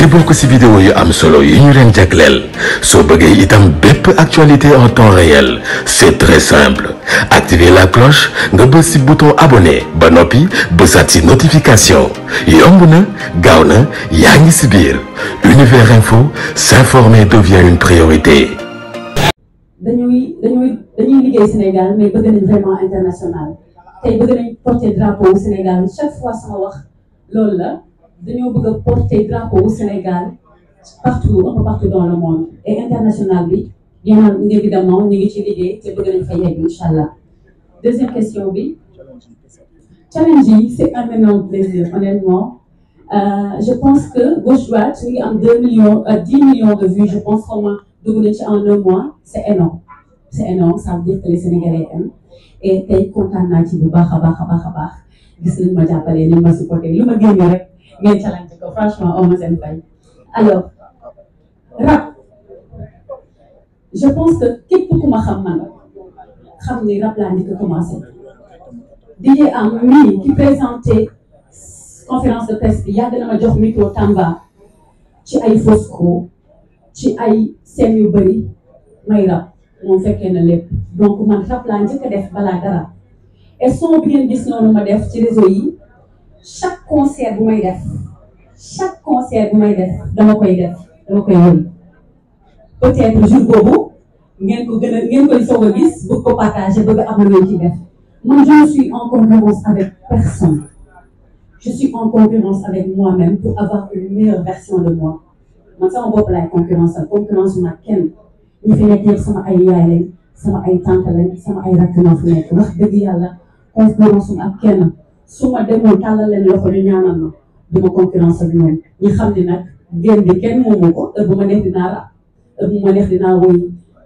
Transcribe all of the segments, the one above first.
ci bokk si vidéo yu am solo yu ñu leen jagleel soo bëggee itam bépp actualité en temps réel c'est très simple activer la cloche nga bës si bouton abonné ba noppi bësaat si notification yomb na gaaw yaa ngi si univers info s'informer devient une priorité. dañuy dañuy dañuy liggéey Sénégal mais bëgg nañ vraiment international tey bëgg nañ porter drapeau Sénégal chaque fois sama wax loolu la. dañoo bëgg a porter Sénégal partout un partout dans le monde et international bi bien évidemment ñu ngi ci te bëgg nañ fa yegg incha allah deuxième question bi challenge yi c'est un énorme plaisir honnêtement Euh, je pense que gauche droite ñu ngi euh, de vues je pense qu'au moins dugg ci en un mois c'est énorme c'est énorme ça veut dire que les Sénégalais aiment et tey kontaan naa ci bu baax a baax a baax baax gis nañ ma jàppale ni ma supporté li ma génn ngeen challenge ko alors rab je pense que képp ku xam man xam ni rab laa njëkk a commencé Am mii ki présenté conférence de presse bi yàgg ma jox micro Tamba ci ay Fosco ci ay seen yu bëri rab moom fekkee na lépp donc man rab laa njëkk def balaa dara bi ngeen gis noonu ma def ci réseau chaque concert bu may def chaque concert bu may def dama peut-être jour boobu ngeen ko gën a ngeen koy soog a gis bëgg ko je suis en concurrence avec personne je suis en concurrence avec moi-même pour avoir une meilleure version de moi man sama bopp laay concurrence ak concurrence ma kenn ñu fi nekk sama ay yaay sama ay tante sama ay rakk ñoo fi nekk wax dëgg yàlla concurrence ak kenn. su ma demoon tàllal leen loxo ñu ñaanal ma du ma concurrence ak ñoom ñi xam ne nag génn bi kenn moomu ko heure bu ma neex la heure bu ma neex dinaa woy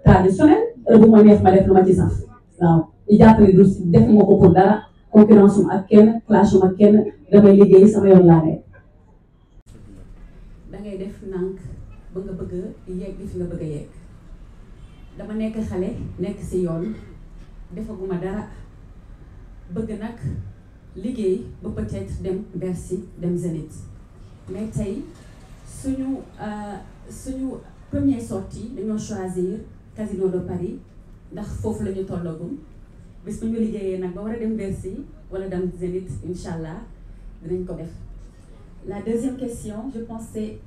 traditionnel heure bu ma neex ma def lu ma ci sax waaw ñu jàpp ne du def ko pour dara concurrence um ak kenn clash um kenn damay liggéey sama yoon laa nekk. da ngay def nànk ba nga bëgg a yegg fi nga bëgg a dama nekk xale nekk si yoon defaguma dara bëgg nag. liggéey ba peut-être dem Bercy dem Zénith mais tey suñu euh, suñu première sortie dañoo choisir Casino de Paris ndax foofu la ñu tollagum bis bu ñu liggéeyee nag ba war a dem Bercy wala dem Zénith incha allah dinañ ko def la deuxième question je pense c'est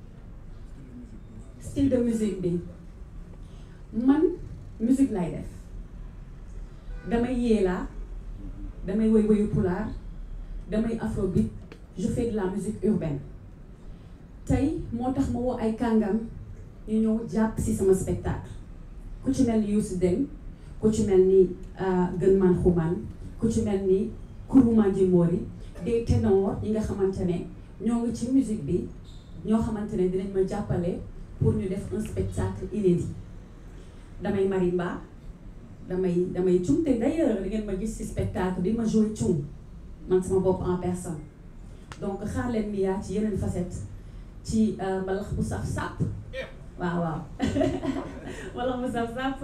style de musique bi man musique lay def damay yéelaa damay woy woyu pulaar damay afrobeat je fais de la musique urbaine tey moo tax ma woo ay kàngam ñu ñëw jàpp si sama spectacle ku ci mel ni Youssou Dieng ku ci mel ni euh, Gënman Xuman ku ci mel ni Kuruma Jimboori des ténors ñi nga xamante ne ñoo ngi ci musique bi ñoo xamante ne dinañ ma jàppale pour ñu def un spectacle yi damay marimba damay damay cum te d'ailleurs li ngeen ma gis si spectacle bi ma joué cum man sama bopp en personne donc xaar leen mi yaa ci yeneen facette ci euh, mbalax bu saf sàpp waaw waaw wala mu saf sàpp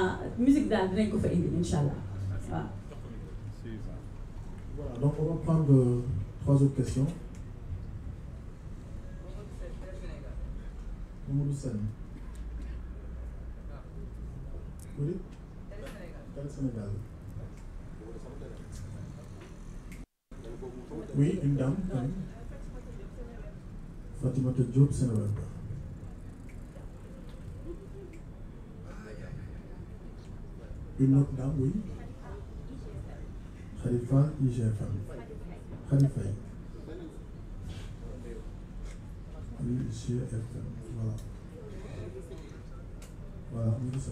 ah musique daal dinañ ko fa indi incha allah waaw. voilà donc on va prendre euh, trois autres questions. Mamadou Sène. oui. Sénégal. Oui, une dame. Hein. Fatimata Diop, Sénégal. Une autre dame, oui. Khalifa IGFM. Khalifa IGFM. Voilà. Voilà, on ça.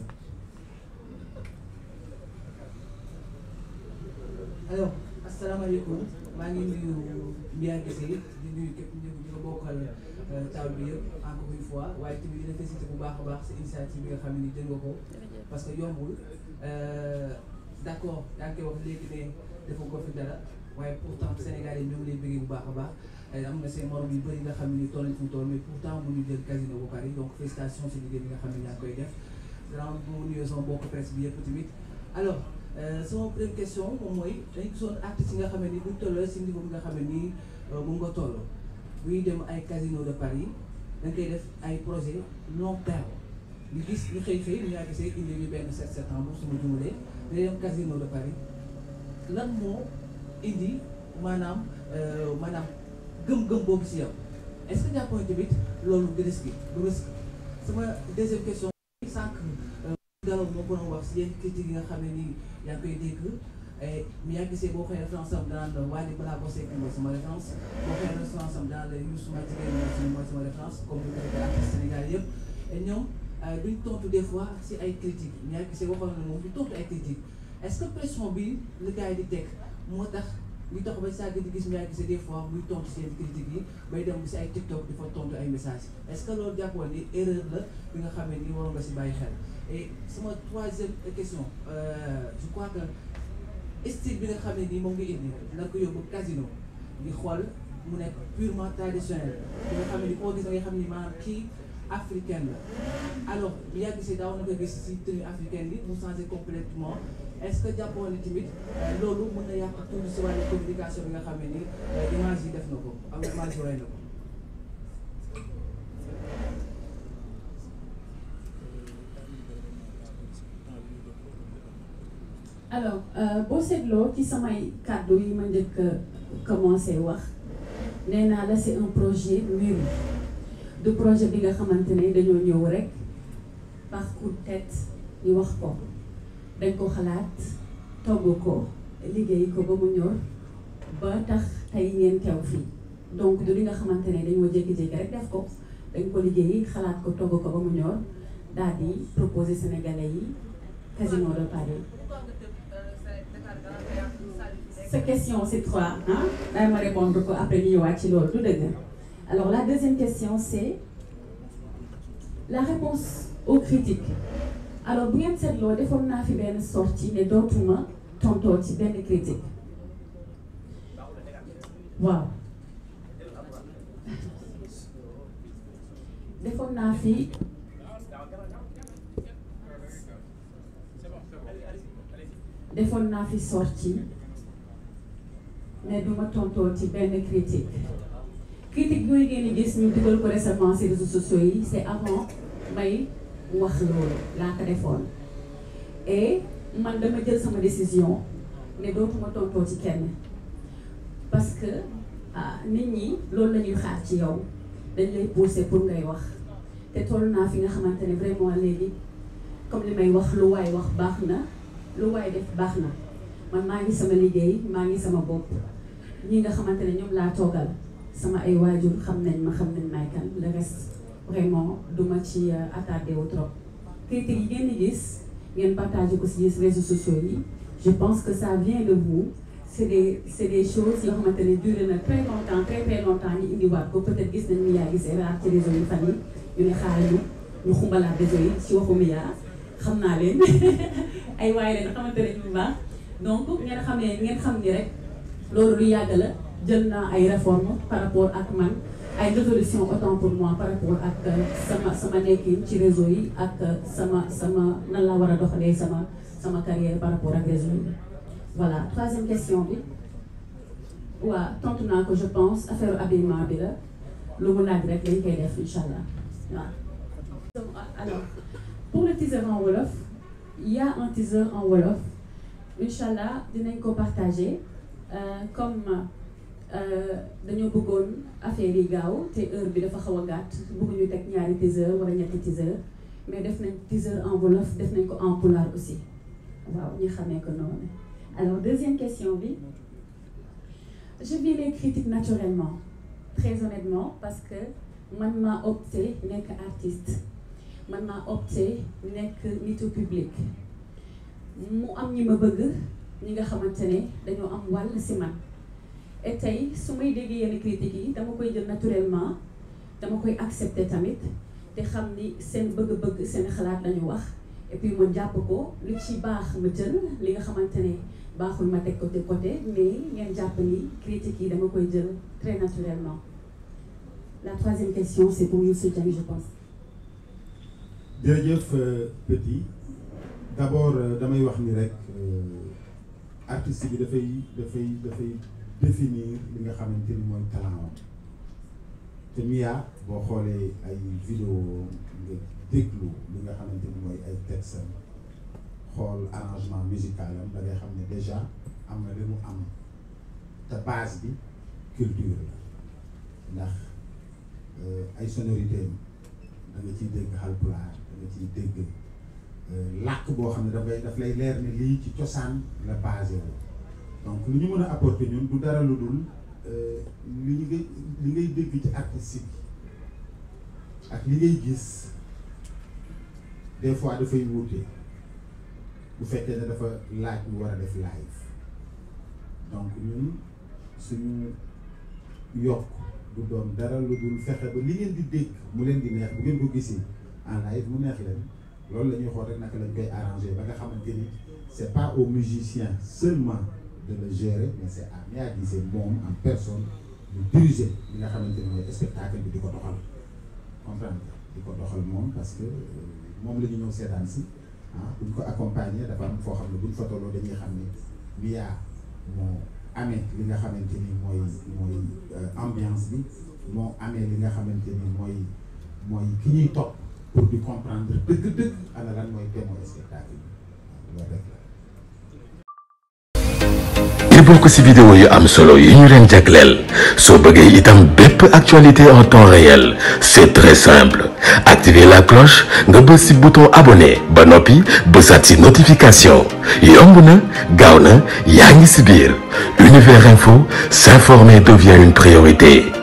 Alors, salaamaaleykum maa ngi nuyu Mbiya Kese di nuyu képp ñu ñu ko bokkal euh, taw bi yëpp encore une fois waaye tamit dina félicité bu baax a baax sa initiative bi nga xam ne ni jël nga ko parce que yombul euh, d'accord daa koy wax léegi ne dafa ko fi dara waaye pourtant Sénégal yi ñoo ngi lay bëggee bu baax a baax euh, am na seen morom yu bëri nga xam ne ni toll nañ fi mu toll mais pourtant mu ñu jël casino bu Paris donc félicitations si liggéey bi nga xam ne yaa koy def grand bu nuyoo sama mbokk tamit alors. Euh, sama première moom mooy dañu gisoon artistes yi nga xam ni nii buñ tolloo si niveau bi nga xam ni nii euh, mu nga toll buy dem ay casino de Paris dañ koy def ay projet long terme ñu gis ñu xëy xëy ñu ngaa gisee indi ñu benn 7 septembre su ma jumalee dañuy dem casino de Paris lan moo indi maanaam euh, maanaam gëm-gëm boobu si yow est-ce que jàppoon tamit loolu risque du risque sama deuxième question. bëggoon wax si yenn critique yi nga xam ne nii yaa ngi koy dégg eh, mi yaa gisee boo xoolee référence am daan la Wally Ballago Seck mooy sama référence boo xoolee référence am daan la Youssou Madjiguène mooy sama référence comme ni ko defee artiste Sénégal yëpp ñoom eh, duñ tontu des fois si ay critique mi yaa gisee waxoon na moom du tontu ay critique est-ce que pression bi la gars yi di teg moo tax ñu tax ba saa di gis mi yaa gisee des fois muy tontu seen critique yi bay dem si ay TikTok di fa tontu ay messages est-ce que loolu jàppoon ni erreur la bi nga xam ne ni waroon nga si bàyyi xel. et sama troisième question euh, je crois que bi nga xam ne nii moom nga indi na ko yóbbu casino di xool mu nekk purement traditionnel bi nga xam ne ni koo gis nga xam ni maanaam kii africaine la alors bi yàgg si daaw na ko gis si tenue africaine bi mu changé complètement est-ce que jàppoon tamit euh, loolu mën na yàq tuuti si wàllu communication bi nga xam ne nii euh, image yi def na ko am image yi na ko alors euh, boo seetloo ci samay kàddu yi ma njëkk commencé wax nee naa la c'est un projet mûr du projet bi nga xamante ne dañoo ñëw rek par coup de tête ñu wax ko dañ ko xalaat togg ko liggéey ko ba mu ñor ba tax tey ngeen teew fii donc du li nga xamante ne dañoo jékki-jékki rek def ko dañ ko liggéey xalaat ko togg ko ba mu ñor daal di proposer sénégalais yi Casino de Paris sa question c'est trois ah day ma répondre ko après ñu ñëwaat ci loolu du dëgg alors la deuxième question c'est la réponse aux critiques alors bu ngeen seetloo defoon naa fi benn sortie ne dootuma tontoo ci benn critique waaw defoon naa fi defoon naa fi sortie ne du tontoo ci benn critique critique yooyu ngeen di gis ñu dugal ko récemment si réseaux sociaux yi c' est avant may wax loolu laa ko defoon man dama jël sama décision ne dootuma tontoo ci kenn parce que ah, nit ñi loolu la ñuy xaar ci yow dañ lay pousser pour ngay wax te toll naa fi nga xamante ne vraiment léegi comme li may wax lu waay wax baax na lu waay def baax na man maa ngi sama liggéey maa ngi sama bopp ñi nga xamante ne ñoom laa toogal sama ay waajur xam nañ ma xam nañ may kan le reste vraiment duma ci euh, attardé wu trop critiques yi ngeen di gis ngeen partagé ko si réseaux sociaux yi je pense que ça vient de vous c' est des c' est des choses yoo xamante ne duré na très longtemps très très longtemps ñu indiwaat ko peut être gis nañ Mia gis erreur ci réseau yi fan yi ñu ne xaaral ñu ñu xumbalaat réseau ci waxu Mia xam naa leen ay waaye leen xamante ne ñu xam ne loolu lu yàgg la jël naa ay réformes par rapport ak man ay résolution autant pour moi par rapport ak euh, sama sama nekkin ci yi ak euh, sama sama nan la war a doxalee sama sama carrière par rapport ak réseau yi voilà troisième question bi waaw tontu naa ko je pense affaire habillement bi la lu mu laaj rek dañ koy def incha allah waaw. alors pour le teaser en wolof il y a un teaser wolof incha allah dinañ ko partager. Euh, comme euh, dañoo bëggoon affaire yi gaaw te heure bi dafa xaw a gàtt bëgguñu teg ñaari teaser wala ñetti teaser mais def nañ teaser en wolof def nañ ko en pulaar aussi waaw ñu xamee ko noonu alors deuxième question bi je vis les critiques naturellement très honnêtement parce que man maa opté nekk artiste man maa opté nekk nitu public mu am ñi ma bëgg. li nga xamante ne dañoo am wàll si man et su may déggee yenn critiques yi dama koy jël naturellement dama koy accepter tamit te xam ni seen bëgg-bëgg seen xalaat lañu wax et puis ma jàpp ko li ci baax ma jël li nga xamante ne baaxul ma teg ko de côté mais ngeen jàpp ni critiques yi dama koy jël très naturellement la troisième question c'est pour Youssou Diagne je pense euh, euh, wax ni euh, artiste bi dafay dafay dafay définir li nga xamante ni mooy talent te Mia boo xoolee ay vidéo nga déglu li nga xamante ni mooy ay textes xool arrangement musical am xam ne déjà am na li mu am te base bi culture la ndax euh, ay sonorités am da nga ciy dégg halpulaar da nga ciy dégg. Euh, làkk boo xam ne dafay daf lay leer ne lii ci cosaan la basé wu donc li ñu mën a apporter ñun du dara lu dul euh, li ñu dégg ci artistique ak li ngay gis des fois dafay wuute bu fekkee ne dafa laaj mu war a def live donc ñun suñu yokk du doon dara lu dul fexe ba li ngeen di dégg mu leen di neex bu ngeen ko gisee en live mu neex leen loolu la ñuy xool rek naka lañ koy arranger ba nga xamante ni c'est pas aux musiciens seulement de le gérer mais c'est à Mia Guissé moom en personne ñu diriger li nga xamante ni mooy spectacle bi di ko doxal comprendre di ko doxal moom parce que euh, moom la ñu ñëw seetaan si ah buñ ko accompagner dafa am foo xam ne buñ fa tolloo dañuy xam ne Mia moo amee li nga xamante ni mooy mooy euh, ambiance bi moo amee li nga xamante ni mooy mooy ki ñuy topp. pour di ko dëgg ci vidéo yu am solo yi ñu leen jagleel soo bëggee itam bépp actualité en temps réel c'est très simple activer la cloche nga bës ci bouton abonné ba noppi bësaat ci notification yomb na gaaw na yaa ngi ci univers info s'informer devient une priorité